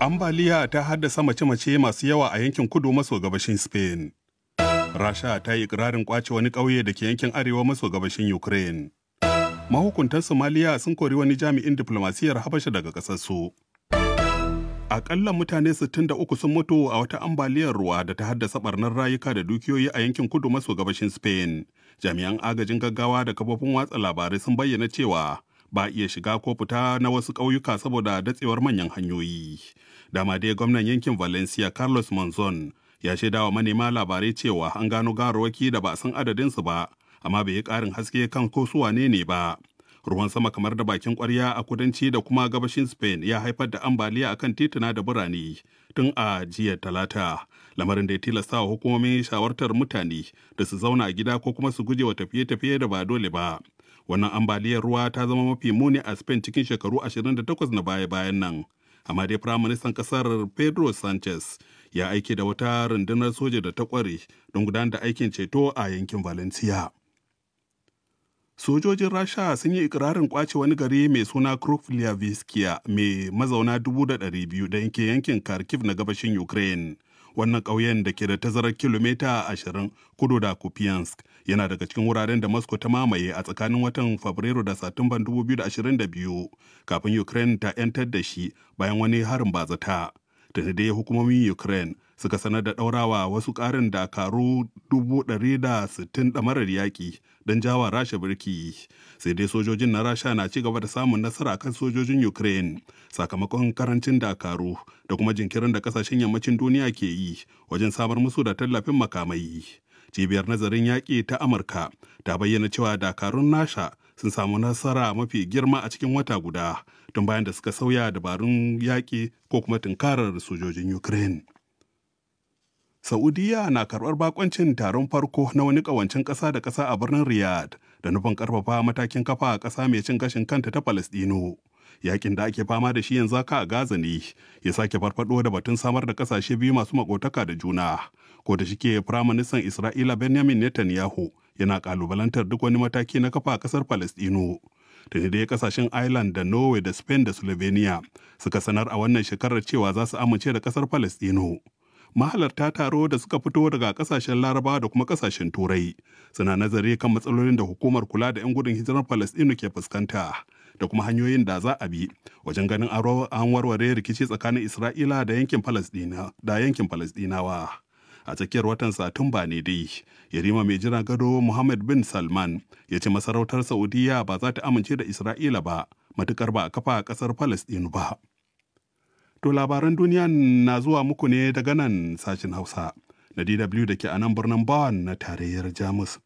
ambaliya ta haddasa mace-mace masu yawa a yankin kudu maso gabashin spain rasha ta yi ikirarin kwace wani ƙauye da ke yankin arewa maso gabashin ukraine mahukuntan somaliya sun kori wani jami'in diflomasiyyar habasha daga ƙasarsu aƙalla mutane 63 sun mutu a wata ambaliyar ruwa da ta haddasa barnar rayuka da dukiyoyi a yankin kudu maso gabashin spain jami'an agajin gaggawa da kafofin watsa labarai sun bayyana cewa ba iya shiga ko fita na wasu ƙauyuka saboda datsewar manyan hanyoyi. Dama dai gwamnan yankin Valencia Carlos Monzon ya shaida manema labarai cewa an gano garowaki da ba a san adadinsu ba, amma bai yi ƙarin haske kan ko su wane ne ba. Ruwan sama kamar da bakin kwarya a kudanci da kuma gabashin Spain ya haifar da ambaliya akan tituna da birane tun a jiya talata. lamarin da ya tilasta wa hukumomin shawartar mutane da su zauna a gida ko kuma su guje wa tafiye-tafiye da ba dole ba wannan ambaliyar ruwa ta zama mafi muni a spain cikin shekaru 28 na baya-bayan nan amma dai firaministan kasar pedro sanchez ya aiki da wata rundunar soja da ta kware don gudanar da aikin ceto a yankin valencia sojojin rasha sun yi ikirarin kwace wani gari mai suna krokliaviskia mai mazauna 200,000 da yanke yankin kharkiv na gabashin ukraine Wannan ƙauyen da ke da tazarar kilomita 20 kudu da Kupiansk yana daga cikin wuraren da Moscow ta mamaye a tsakanin watan Fabrairu da Satumban 2022 kafin Ukraine ta 'yantar da shi bayan wani harin bazata. dai hukumomin Ukraine suka sanar da daurawa wasu karin dakaru 160 damarar yaƙi don jawa rasha birki sai dai sojojin na rasha na ci gaba da samun nasara kan sojojin ukraine sakamakon karancin dakaru da kuma jinkirin da kasashen yammacin duniya ke yi wajen samar musu da tallafin makamai cibiyar nazarin yaƙi ta amurka ta bayyana cewa dakarun nasha sun samu nasara mafi girma a cikin wata guda tun bayan da suka sauya dabarun yaƙi ko kuma tunkarar sojojin ukraine Saudiya na karɓar bakoncin taron farko na wani ƙawancin ƙasa da ƙasa a birnin Riyadh da nufin ƙarfafa matakin kafa a ƙasa mai cin gashin kanta ta Falasɗinu. Yakin da ake fama da shi yanzu haka a Gaza ne ya sake farfado da batun samar da ƙasashe biyu masu makotaka da juna. Ko da shike Firaministan Isra'ila Benjamin Netanyahu yana ƙalubalantar duk wani mataki na kafa a ƙasar Falasɗinu. tuni dai ƙasashen ireland da norway da spain da slovenia suka sanar a wannan shekarar cewa za su amince da ƙasar palestino mahalarta taro da suka fito daga kasashen laraba da kuma kasashen turai suna nazari kan matsalolin da hukumar kula da 'yan gudun hijirar palestino ke fuskanta da kuma hanyoyin da za a bi wajen ganin an warware rikici tsakanin isra'ila da yankin da palestinawa a tsakiyar watan satumba ne dai yarima mai jiran gado muhammad bin salman ya ce masarautar saudiya ba za ta amince da isra'ila ba matukar ba a kafa kasar Falasɗinu ba To labaran duniya na zuwa muku ne daga nan sashen Hausa na DW da ke a nan birnin Bawan na tarayyar Jamus.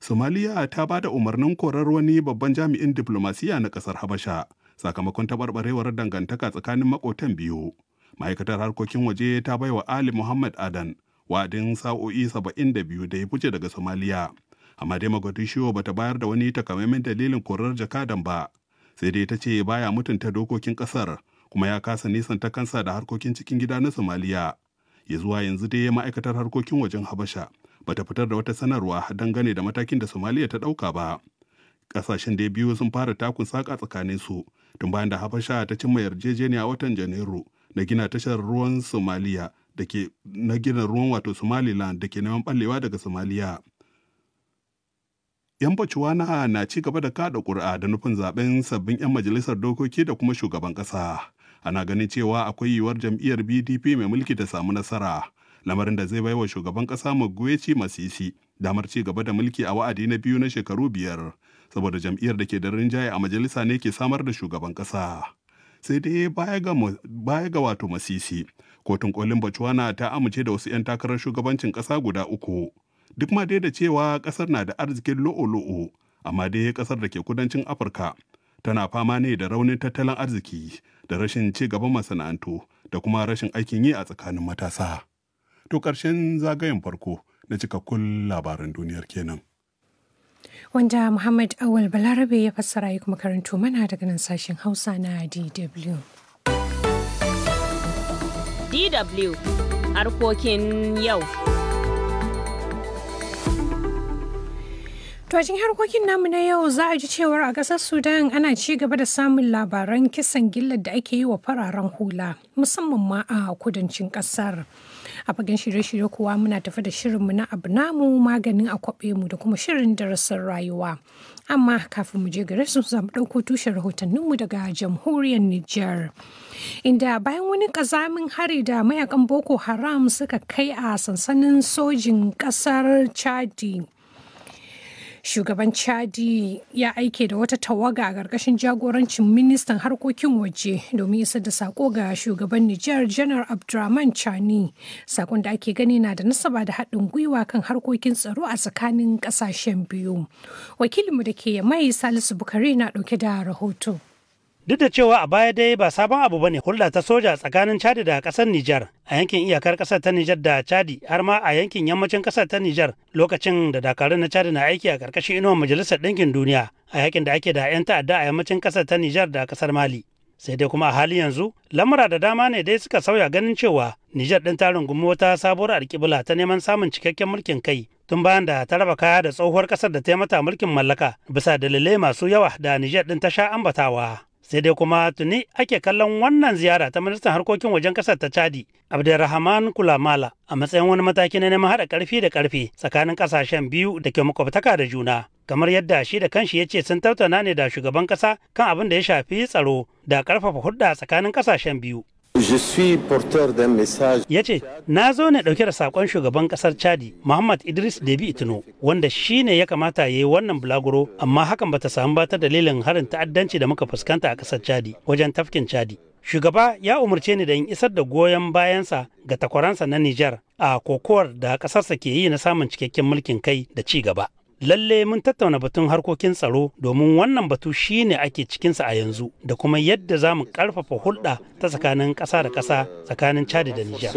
Somaliya ta ba da umarnin korar wani babban jami'in diplomasiya na ƙasar Habasha sakamakon taɓarɓarewar dangantaka tsakanin makotan biyu. Ma'aikatar harkokin waje ta bai wa Ali Muhammad Adan wa'adin sa'o'i saba'in da biyu da ya fice daga Somaliya. Amma dai Mogadishu bata bayar da wani takamaiman dalilin korar jakadan ba. Sai dai ta ce baya mutunta dokokin ƙasar kuma ya kasa nisanta kansa da harkokin cikin gida na somaliya ya zuwa yanzu dai ya ma'aikatar harkokin wajen habasha bata fitar da wata sanarwa dangane da matakin da somaliya ta ɗauka ba ƙasashen da biyu sun fara takun saƙa tsakanin su tun bayan da habasha ta cimma yarjejeniya watan janairu na gina tashar ruwan somaliya da ke na gina ruwan wato somaliland da ke neman ɓallewa daga somaliya 'yan bacuwa na ci gaba da kada ƙuri'a da nufin zaben sabbin 'yan majalisar dokoki da kuma shugaban ƙasa. ana ganin cewa akwai yiwuwar jam'iyyar bdp mai mulki ta samu nasara lamarin da zai baiwa shugaban ƙasa magoyaci masisi damar ci gaba da mulki a wa'adi na biyu na shekaru biyar saboda jam'iyyar da ke da rinjaye a majalisa ne ke samar da shugaban ƙasa sai dai baya ga wato masisi kotun kolin Bacuwana ta amince da wasu 'yan takarar shugabancin ƙasa guda uku duk ma dai da cewa ƙasar na da arzikin lo'o-lo'o amma dai ƙasar da ke kudancin afirka tana fama ne da raunin tattalin arziki da rashin ci gaban masana'antu da kuma rashin aikin yi a tsakanin matasa. To ƙarshen zagayen farko na cikakkun labaran duniyar kenan. Wanda Muhammad Awal Balarabe ya fassara yi kuma karanto mana daga nan sashen Hausa na DW. DW harkokin yau. To a cikin harkokin namu na yau za a ji cewar a ƙasar Sudan ana ci gaba da samun labaran kisan gillar da ake yi wa fararen hula musamman ma a kudancin ƙasar. A fagen shirye-shirye kuwa muna tafi da shirinmu na abu namu maganin a mu da kuma shirin darasin rayuwa. Amma kafin mu je gare su za ɗauko tushen rahotanninmu daga jamhuriyar Nijar. Inda bayan wani ƙazamin hari da mayakan Boko Haram suka kai a sansanin sojin ƙasar Chadi. shugaban chadi ya aike da wata tawaga a ƙarƙashin jagorancin ministan harkokin waje domin isa da sako ga shugaban nijar janar abdurrahman chani sakon da ake gani na da nasaba da haɗin gwiwa kan harkokin tsaro a tsakanin ƙasashen biyu wakilinmu da ke mai salisu bukari na ɗauke da rahoto duk da cewa a baya dai ba sabon abu bane hulɗa ta soja tsakanin chadi da ƙasar nijar a yankin iyakar kasar ta nijar da chadi har ma a yankin yammacin kasar ta nijar lokacin da dakarun na chadi na aiki a ƙarƙashin inuwar majalisar ɗinkin duniya a yakin da ake da 'yan ta'adda a yammacin ƙasar ta nijar da kasar mali sai dai kuma a hali yanzu lamura da dama ne dai suka sauya ganin cewa nijar ɗin ta rungumi wata sabuwar alƙibla ta neman samun cikakken mulkin kai tun bayan da ta raba kaya da tsohuwar ƙasar da ta mata mulkin mallaka bisa dalilai masu yawa da nijar ɗin ta sha ambatawa. sai dai kuma tuni ake kallon wannan ziyara ta ministan harkokin wajen kasar ta chadi abdulrahman kulamala a matsayin wani mataki na neman haɗa ƙarfi da ƙarfi tsakanin ƙasashen biyu da ke makwabtaka da juna kamar yadda shi da kanshi ya ce sun tattauna ne da shugaban ƙasa kan abin da ya shafi tsaro da ƙarfafa hulɗa tsakanin ƙasashen biyu Ya ce, Na zo ne ɗauke da saƙon shugaban ƙasar Chadi, Muhammad Idris Debi Itino, wanda shi ne ya kamata ya yi wannan bulaguro, amma hakan bata samu ba ta dalilin harin ta'addanci da muka fuskanta a ƙasar Chadi wajen tafkin Chadi. Shugaba ya umarce ni da in isar da goyon bayansa ga takwaransa na Nijar a kokowar da ƙasarsa ke yi na samun cikakken mulkin kai da ci gaba. lalle mun tattauna batun harkokin tsaro domin wannan batu shine ake cikinsa a yanzu da kuma yadda za mu karfafa hulɗa ta tsakanin ƙasa da ƙasa tsakanin chad da nijar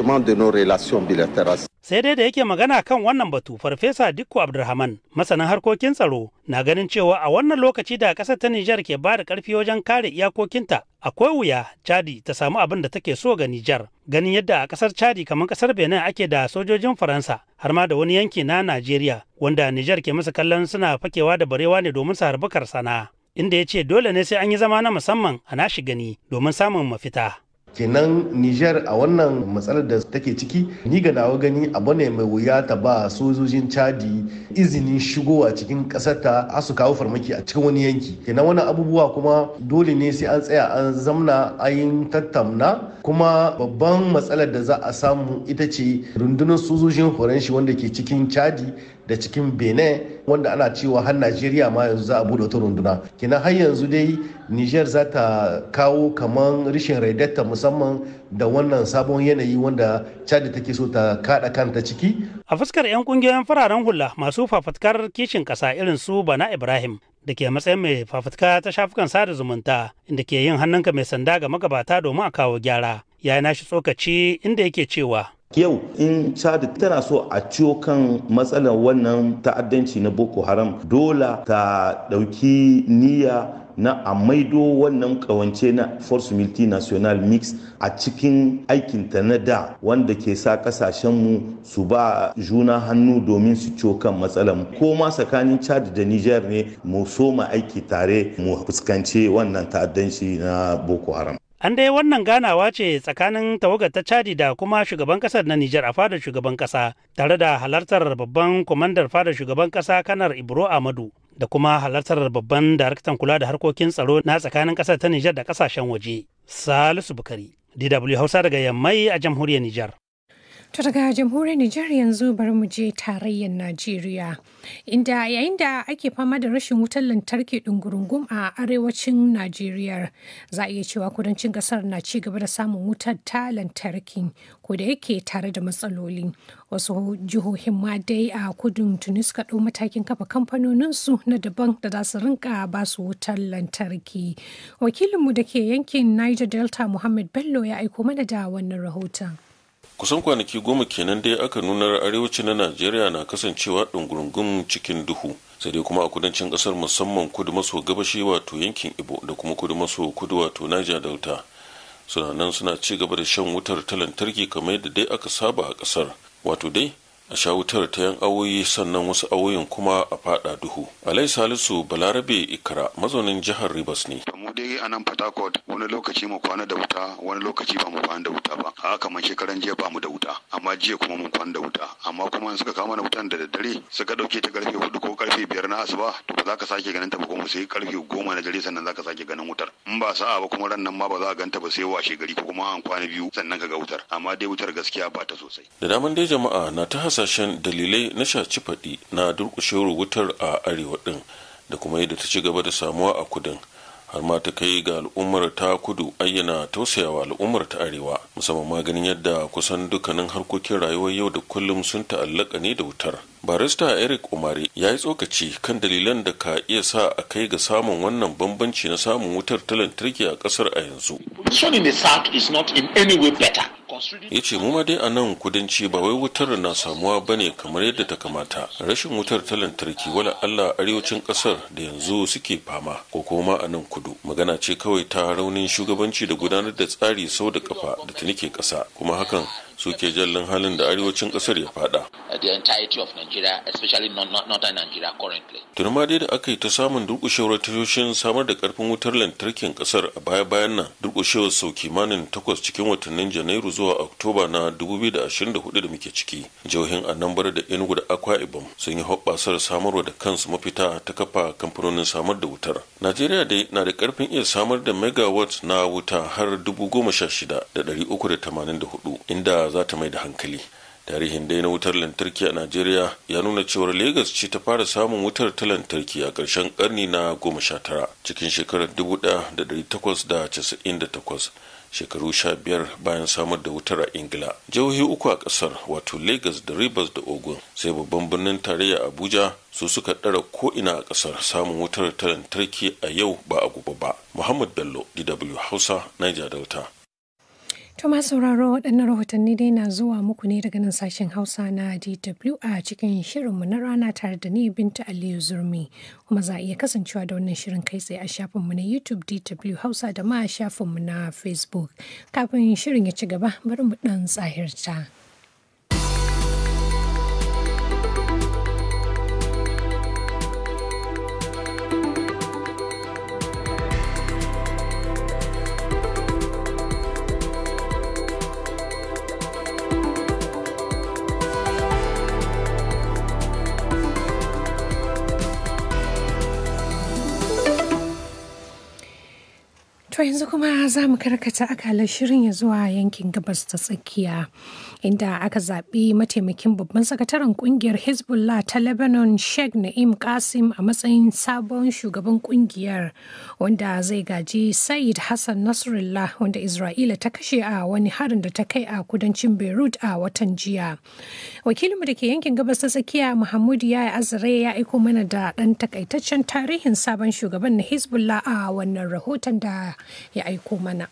sai dai da yake magana kan wannan batu farfesa dikko abdulrahman masanin harkokin tsaro na ganin cewa a wannan lokaci da ƙasar ta nijar ke ba da ƙarfi wajen kare iyakokinta akwai wuya chadi ta samu abin da take so ga nijar ganin yadda a ƙasar chadi kamar ƙasar benin ake da sojojin faransa har ma da wani yanki na najeriya wanda nijar ke masa kallon suna fakewa da barewa ne domin su harbi sana'a inda ya ce dole ne sai an yi zama na musamman a nashi gani domin samun mafita kenan niger a wannan matsalar da take ciki ni ga nawa gani abu ne mai wuya ta ba sojojin chadi izinin shigowa cikin ƙasar ta asu kawo farmaki a cikin wani yanki kenan wani abubuwa kuma dole ne sai an tsaya an zamna ayin tattamna kuma babban matsalar da za a samu ita ce rundunar sojojin horon shi wanda ke cikin chadi da cikin benin wanda ana cewa har najeriya ma yanzu za a bude wata runduna kina har yanzu dai niger za ta kawo kaman rishin raidatta musamman da wannan sabon yanayi wanda chad take so ta kada kanta ciki a fuskar 'yan kungiyoyin fararen hula masu fafatkar kishin kasa irin su bana ibrahim da ke matsayin mai fafatka ta shafukan sada zumunta inda ke yin hannunka mai sanda ga magabata domin a kawo gyara ya nashi tsokaci inda yake cewa yau in chad tana so a ciyo kan matsalar wannan ta'addanci na boko haram dole ta ɗauki niyya na a maido wannan kawance na force multinational mix a cikin aikinta na da wanda ke sa kasashenmu su ba juna hannu domin su ciyo kan matsalar ko ma tsakanin chad da niger ne mu soma aiki tare mu fuskanci wannan ta'addanci na boko haram An dai wannan ganawa ce tsakanin tawagar ta Chadi da kuma shugaban kasar na Nijar a fadar shugaban kasa tare da halartar babban kwamandar fadar shugaban kasa kanar Ibro Amadu da kuma halartar babban daraktan kula da harkokin tsaro na tsakanin kasar ta Nijar da kasashen waje. Salisu Bukari, DW Hausa daga Yammai a jamhuriyar Nijar. To daga jamhuriyar Nijar yanzu bari mu je tarayyar Najeriya. Inda yayin da ake fama da rashin wutar lantarki ɗungurungum a arewacin Najeriya za a iya cewa kudancin ƙasar na ci gaba da samun wutar ta lantarki ko da yake tare da matsaloli. Wasu jihohin ma dai a kudun tuni suka ɗau matakin kafa kamfanoninsu na daban da za su rinka ba su wutar lantarki. Wakilinmu da ke yankin Niger Delta Muhammad Bello ya aiko mana da wannan rahoton. kusan kwanaki goma kenan dai aka nunar arewaci na najeriya na kasancewa ɗungurungun cikin duhu sai dai kuma a kudancin ƙasar musamman kudu maso gabashi wato yankin ibo da kuma kudu maso kudu wato niger delta suna nan suna ci gaba da shan wutar ta lantarki kamar yadda dai aka saba a ƙasar wato dai a sha wutar ta yan awoyi sannan wasu awoyin kuma a fada duhu alai salisu balarabe ikara mazaunin jihar ribas ne mu dai a nan wani lokaci mu kwana da wuta wani lokaci ba mu kwana da wuta ba a haka man shekaran jiya ba mu da wuta amma jiya kuma mun kwana da wuta amma kuma suka kama na wutan da daddare suka dauke ta karfe hudu ko karfe biyar na asuba to ba za ka sake ganin ta ba kuma sai karfe goma na dare sannan za ka sake ganin wutar in ba sa'a ba kuma ran nan ma ba za a ganta ba sai washe gari ko kuma an kwana biyu sannan ka ga wutar amma dai wutar gaskiya ba ta sosai da daman dai jama'a na ta kasashen dalilai na shaci faɗi na durƙushewar wutar a arewa ɗin da kuma yadda ta ci gaba da samuwa a kudin har ma ta kai ga al'ummar ta kudu ayyana tausayawa al'ummar ta arewa musamman ma ganin yadda kusan dukkanin harkokin rayuwar yau da kullum sun ta'allaka ne da wutar barista eric umari ya yi tsokaci kan dalilan da ka iya sa a kai ga samun wannan bambanci na samun wutar ta lantarki a kasar a yanzu is not in any way ya ce mu dai a nan kudanci ba wai wutar na samuwa ba ne kamar yadda ta kamata rashin wutar ta lantarki wala allah arewacin kasar da yanzu suke fama ko kuma a nan kudu magana ce kawai ta raunin shugabanci da gudanar da tsari sau da kafa da ta nike kasa kuma hakan suke jallin halin da arewacin kasar ya fada. Uh, Turma dai da aka yi ta samun durkushewar tashoshin samar da karfin wutar lantarkin kasar a baya-bayan nan durkushewar sau kimanin takwas cikin watannin Janairu zuwa Oktoba na 2024 da muke ciki. Jihohin Anambra da Enugu da Akwa Ibom sun yi hoɓɓasar samarwa da kansu mafita ta kafa kamfanonin samar da wutar. Najeriya dai na da karfin iya samar da megawatt na wuta har shida 16,384 inda za ta mai da hankali tarihin daina wutar lantarki a najeriya ya nuna cewar Legas ce ta fara samun wutar ta lantarki a ƙarshen ƙarni na goma sha tara. cikin shekarar dubu da da da takwas casa'in takwas shekaru sha biyar bayan samar da wutar a ingila jihohi uku a ƙasar wato Legas da rivers da ogun sai babban birnin tarayya abuja su suka ɗara ko'ina a ƙasar samun wutar ta lantarki a yau ba a gobe ba muhammad bello dw hausa niger delta To sauraro waɗannan rahotanni dai na zuwa muku ne daga nan sashen Hausa na DW a cikin shirinmu na rana tare da ni Binta Aliyu Zurmi kuma za a iya kasancewa da wannan shirin kai tsaye a shafinmu na YouTube DW Hausa da ma shafinmu na Facebook. Kafin shirin ya ci gaba bari mu ɗan tsahirta. To yanzu kuma za mu karkata akalar shirin ya zuwa yankin gabas ta tsakiya inda aka zaɓi mataimakin babban sakataren kungiyar Hezbollah ta Lebanon Sheikh Na'im Qasim a matsayin sabon shugaban kungiyar wanda zai gaji Said Hassan Nasrullah wanda Isra'ila ta kashe a wani harin da ta kai a kudancin Beirut a watan jiya. Wakilinmu da ke yankin gabas ta tsakiya mahmud ya azare ya aiko mana da ɗan takaitaccen tarihin sabon shugaban na Hezbollah a wannan rahoton da ya aiko mana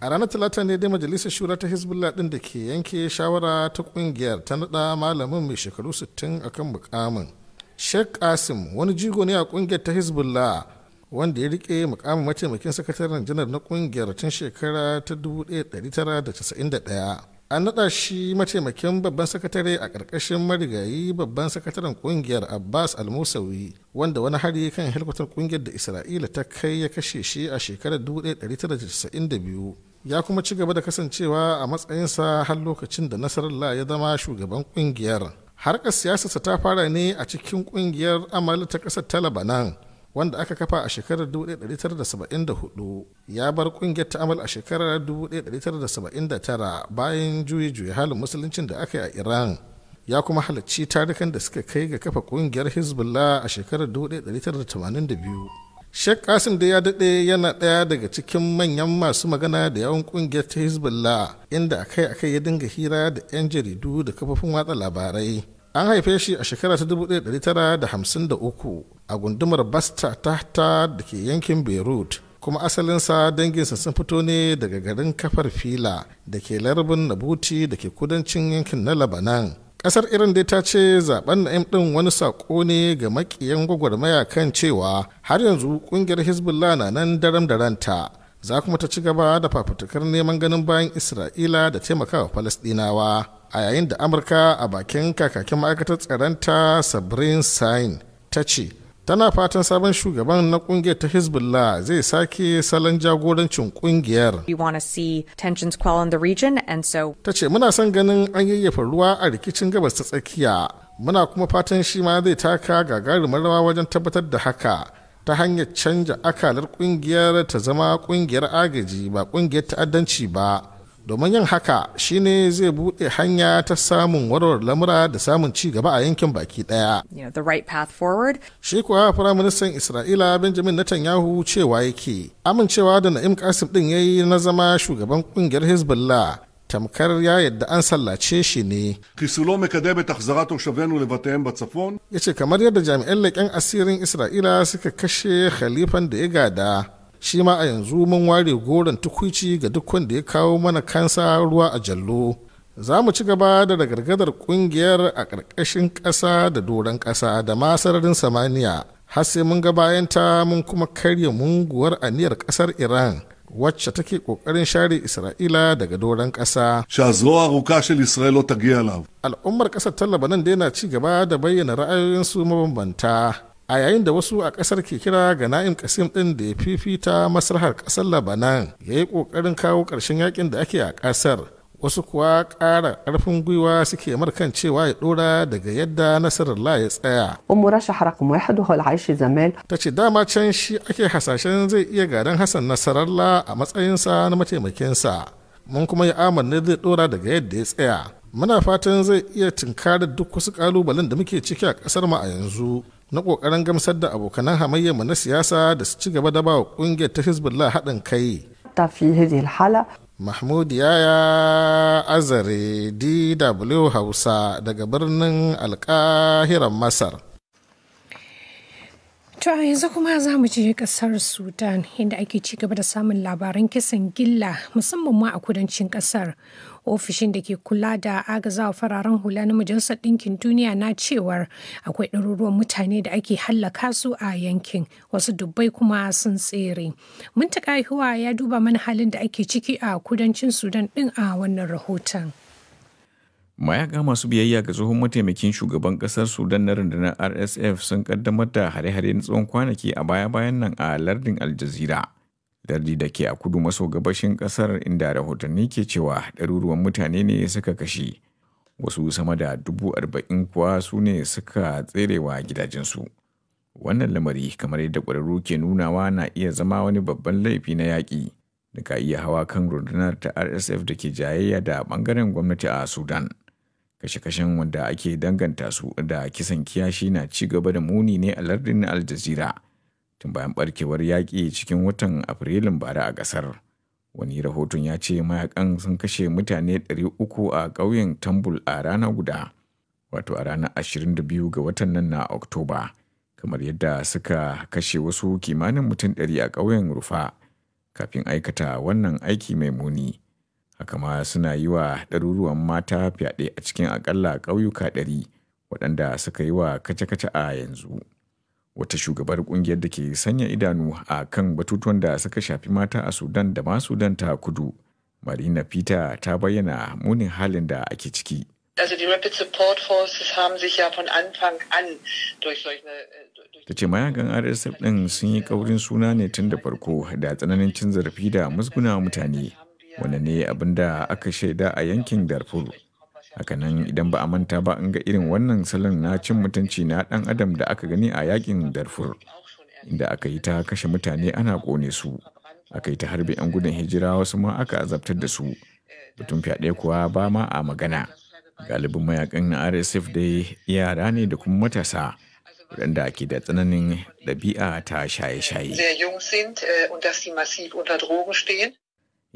a ranar talata ne dai majalisar shura ta hezbollah din da ke yanke shawara ta kungiyar ta nada malamin mai shekaru 60 kan mukamin sheikh kasim wani jigo ne a kungiyar ta hezbollah wanda ya rike mukamin mataimakin sakataren janar na kungiyar tun shekara ta 1991 an nada shi mataimakin babban sakatare a ƙarƙashin marigayi babban sakataren ƙungiyar abbas almusawi wanda wani hari kan helikwatar ƙungiyar da isra'ila ta kai ya kashe shi a shekarar 1992 ya kuma ci gaba da kasancewa a matsayinsa har lokacin da nasarallah ya zama shugaban ƙungiyar harkar siyasarsa ta fara ne a cikin ƙungiyar amal ta ƙasar ta labanan wanda aka kafa a shekarar 1974 ya bar kungiyar ta'amal a shekarar 1979 bayan juye juye halin musuluncin da aka yi a iran ya kuma halarci tarikan da suka kai ga kafa kungiyar hezbollah a shekarar 1982 sheikh kasim da ya daɗe yana ɗaya daga cikin manyan masu magana da yawon kungiyar ta hezbollah inda akai-akai ya dinga hira da 'yan jaridu da kafofin watsa labarai an haife shi a shekara ta 1953 a gundumar basta tahta da ke yankin beirut kuma asalinsa danginsa sun fito ne daga garin kafar fila da ke larabin nabuti da ke kudancin yankin na labanan kasar irin dai ta ce zaben na'im din wani sako ne ga makiyan gwagwarmaya kan cewa har yanzu kungiyar hezbollah na nan daram da ranta za kuma ta ci gaba da fafutukar neman ganin bayan isra'ila da taimakawa falasdinawa a yayin da amurka a bakin kakakin ma'aikatar tsaronta sabrin sain ta ce tana fatan sabon shugaban na kungiyar ta hezbollah zai sake salon jagorancin kungiyar ta ce muna son ganin an yayyafa ruwa a rikicin gabas ta tsakiya muna kuma fatan shi ma zai taka gagarumin rawa wajen tabbatar da haka ta hanyar canja akalar kungiyar ta zama kungiyar agaji ba kungiyar ta'addanci ba domin yin haka shine zai bude hanya ta samun warware lamura da samun ci gaba a yankin baki ɗaya. Shi kuwa Firaministan Isra'ila Benjamin Netanyahu cewa yake amincewa da Na'im Kasim ɗin yayi na zama shugaban ƙungiyar Hezbollah tamkar ya yadda an sallace shi ne. Ya ce kamar yadda jami'an leƙen asirin Isra'ila suka kashe khalifan da ya gada shi ma a yanzu mun ware goron tukuci ga duk wanda ya kawo mana kansa ruwa a jallo za mu ci gaba da ragargadar kungiyar a ƙarƙashin ƙasa da doron ƙasa da ma sararin samaniya har sai mun ga bayanta mun kuma karya munguwar aniyar ƙasar iran wacce take ƙoƙarin share Isra'ila daga doron ƙasa. Shazuwa Isra'ila ta Al'ummar ƙasar ta labanan da na ci gaba da bayyana ra'ayoyinsu mabambanta. a yayin da wasu a kasar ke kira ga na'im kasim ɗin da ya fifita maslahar ƙasar labanan ya yi kokarin kawo ƙarshen yakin da ake a ƙasar wasu kuwa ƙara ƙarfin gwiwa suke markan cewa ya ɗora daga yadda nasarar la ya tsaya. umura ya haɗu hal aishi zamel. ta ce dama can shi ake hasashen zai iya gadon hassan la a matsayinsa na mataimakinsa mun kuma ya amanne zai ɗora daga yadda ya tsaya muna fatan zai iya tunkarar duk wasu kalubalen da muke ciki a kasar mu a yanzu na kokarin gamsar da abokanan hamayyar mu na siyasa da su ci gaba da ba ƙungiyar kungiyar ta hezbollah haɗin kai mahmud yaya azare dw hausa daga birnin alkahiran masar To yanzu kuma za mu je kasar Sudan inda ake ci gaba da samun labaran kisan gilla musamman ma a kudancin kasar ofishin da ke kula da agazawa fararen hula na majalisar ɗinkin duniya na cewar akwai ɗaruruwan mutane da ake hallaka su a yankin wasu dubbai kuma sun tsere muntaka huwa ya duba mana halin da ake ciki a kudancin sudan ɗin a wannan rahoton mayaka masu biyayya ga tsohon mataimakin shugaban kasar sudan na rundunar rsf sun kaddamar da hare-hare na tsawon kwanaki a baya-bayan nan a lardin aljazira Dardi da ke a kudu maso gabashin kasar inda rahotanni ke cewa ɗaruruwan mutane ne suka kashe wasu sama da dubu arba'in kuwa su ne suka tserewa gidajensu wannan lamari kamar yadda ƙwararru ke nunawa na iya zama wani babban laifi na yaƙi da ka iya hawa kan rundunar ta rsf da ke jayayya da ɓangaren gwamnati a sudan kashe-kashen wanda ake danganta su da kisan kiyashi na ci gaba da muni ne a lardin al jazeera tun bayan barkewar yaƙi cikin watan Afrilun bara a ƙasar. Wani rahoton ya ce mayakan sun kashe mutane 300 a ƙauyen Tambul a rana guda, wato a ranar 22 ga watan nan na Oktoba, kamar yadda suka kashe wasu kimanin mutum 100 a ƙauyen Rufa kafin aikata wannan aiki mai muni. Haka ma suna yi wa ɗaruruwan mata fyaɗe a cikin aƙalla ƙauyuka ɗari waɗanda suka yi wa kace-kace a yanzu. wata shugabar kungiyar da ke sanya idanu a kan batutuwan da suka shafi mata a sudan da ma sudan ta kudu marina peter ta bayyana munin halin da ake ciki äh, Ta ce mayagan RSF ɗin sun yi ƙaurin suna ne tun da farko da tsananin cin zarafi da musguna mutane. Wane ne abin da aka shaida a yankin Darfur. hakanan idan ba a manta ba an ga irin wannan salon na cin mutunci na dan adam da aka gani a yakin darfur inda aka yi ta kashe mutane ana kone su aka yi ta harbi 'yan gudun hijira wasu ma aka azabtar da su mutum fyaɗe kuwa ba ma a magana galibin mayakan na rsf dai yara ne da kuma matasa waɗanda ake da tsananin ɗabi'a ta shaye-shaye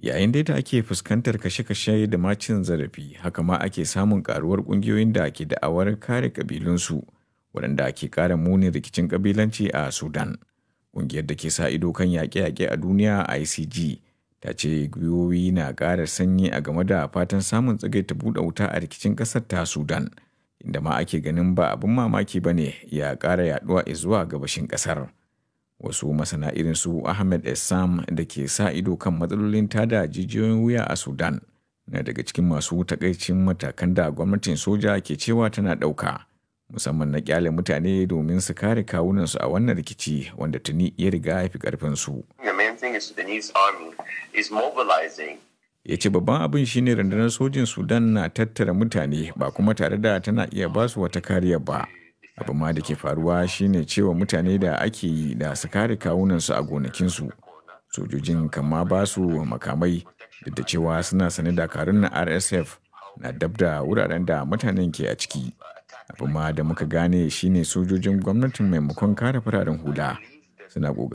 Yayin dai da ake fuskantar kashe-kashe da macin zarafi, haka ma ake samun karuwar ƙungiyoyin da ke da'awar kare kabilunsu waɗanda ke ƙara munin rikicin kabilanci a Sudan. Ƙungiyar da ke sa ido kan yaƙe-yaƙe a duniya ICG ta ce gwiwowi na ƙara sanyi a game da fatan samun tsagaita buɗe wuta a rikicin ƙasar ta Sudan, inda ma ake ganin ba abin mamaki ba ne ya ƙara yaɗuwa zuwa gabashin ƙasar. wasu masana irin su ahmed essam da ke sa ido kan matsalolin tada jijiyoyin wuya a sudan na daga cikin masu takaicin matakan da gwamnatin soja ke cewa tana ɗauka musamman na kyale mutane domin su kare kawunansu a wannan rikici wanda tuni ya riga ya fi karfinsu ya ce babban abin shine rundunar sojin sudan na tattara mutane ba kuma tare da tana iya basu wata kariya ba abu ma da ke faruwa shine cewa mutane da ake yi da su kare kawunansu a gonakinsu sojojin kama ba su makamai duk da cewa suna sane dakarun na rsf na dabda wuraren da mutanen ke a ciki abu ma da muka gane shine sojojin gwamnatin maimakon kare fararen hula suna ƙoƙari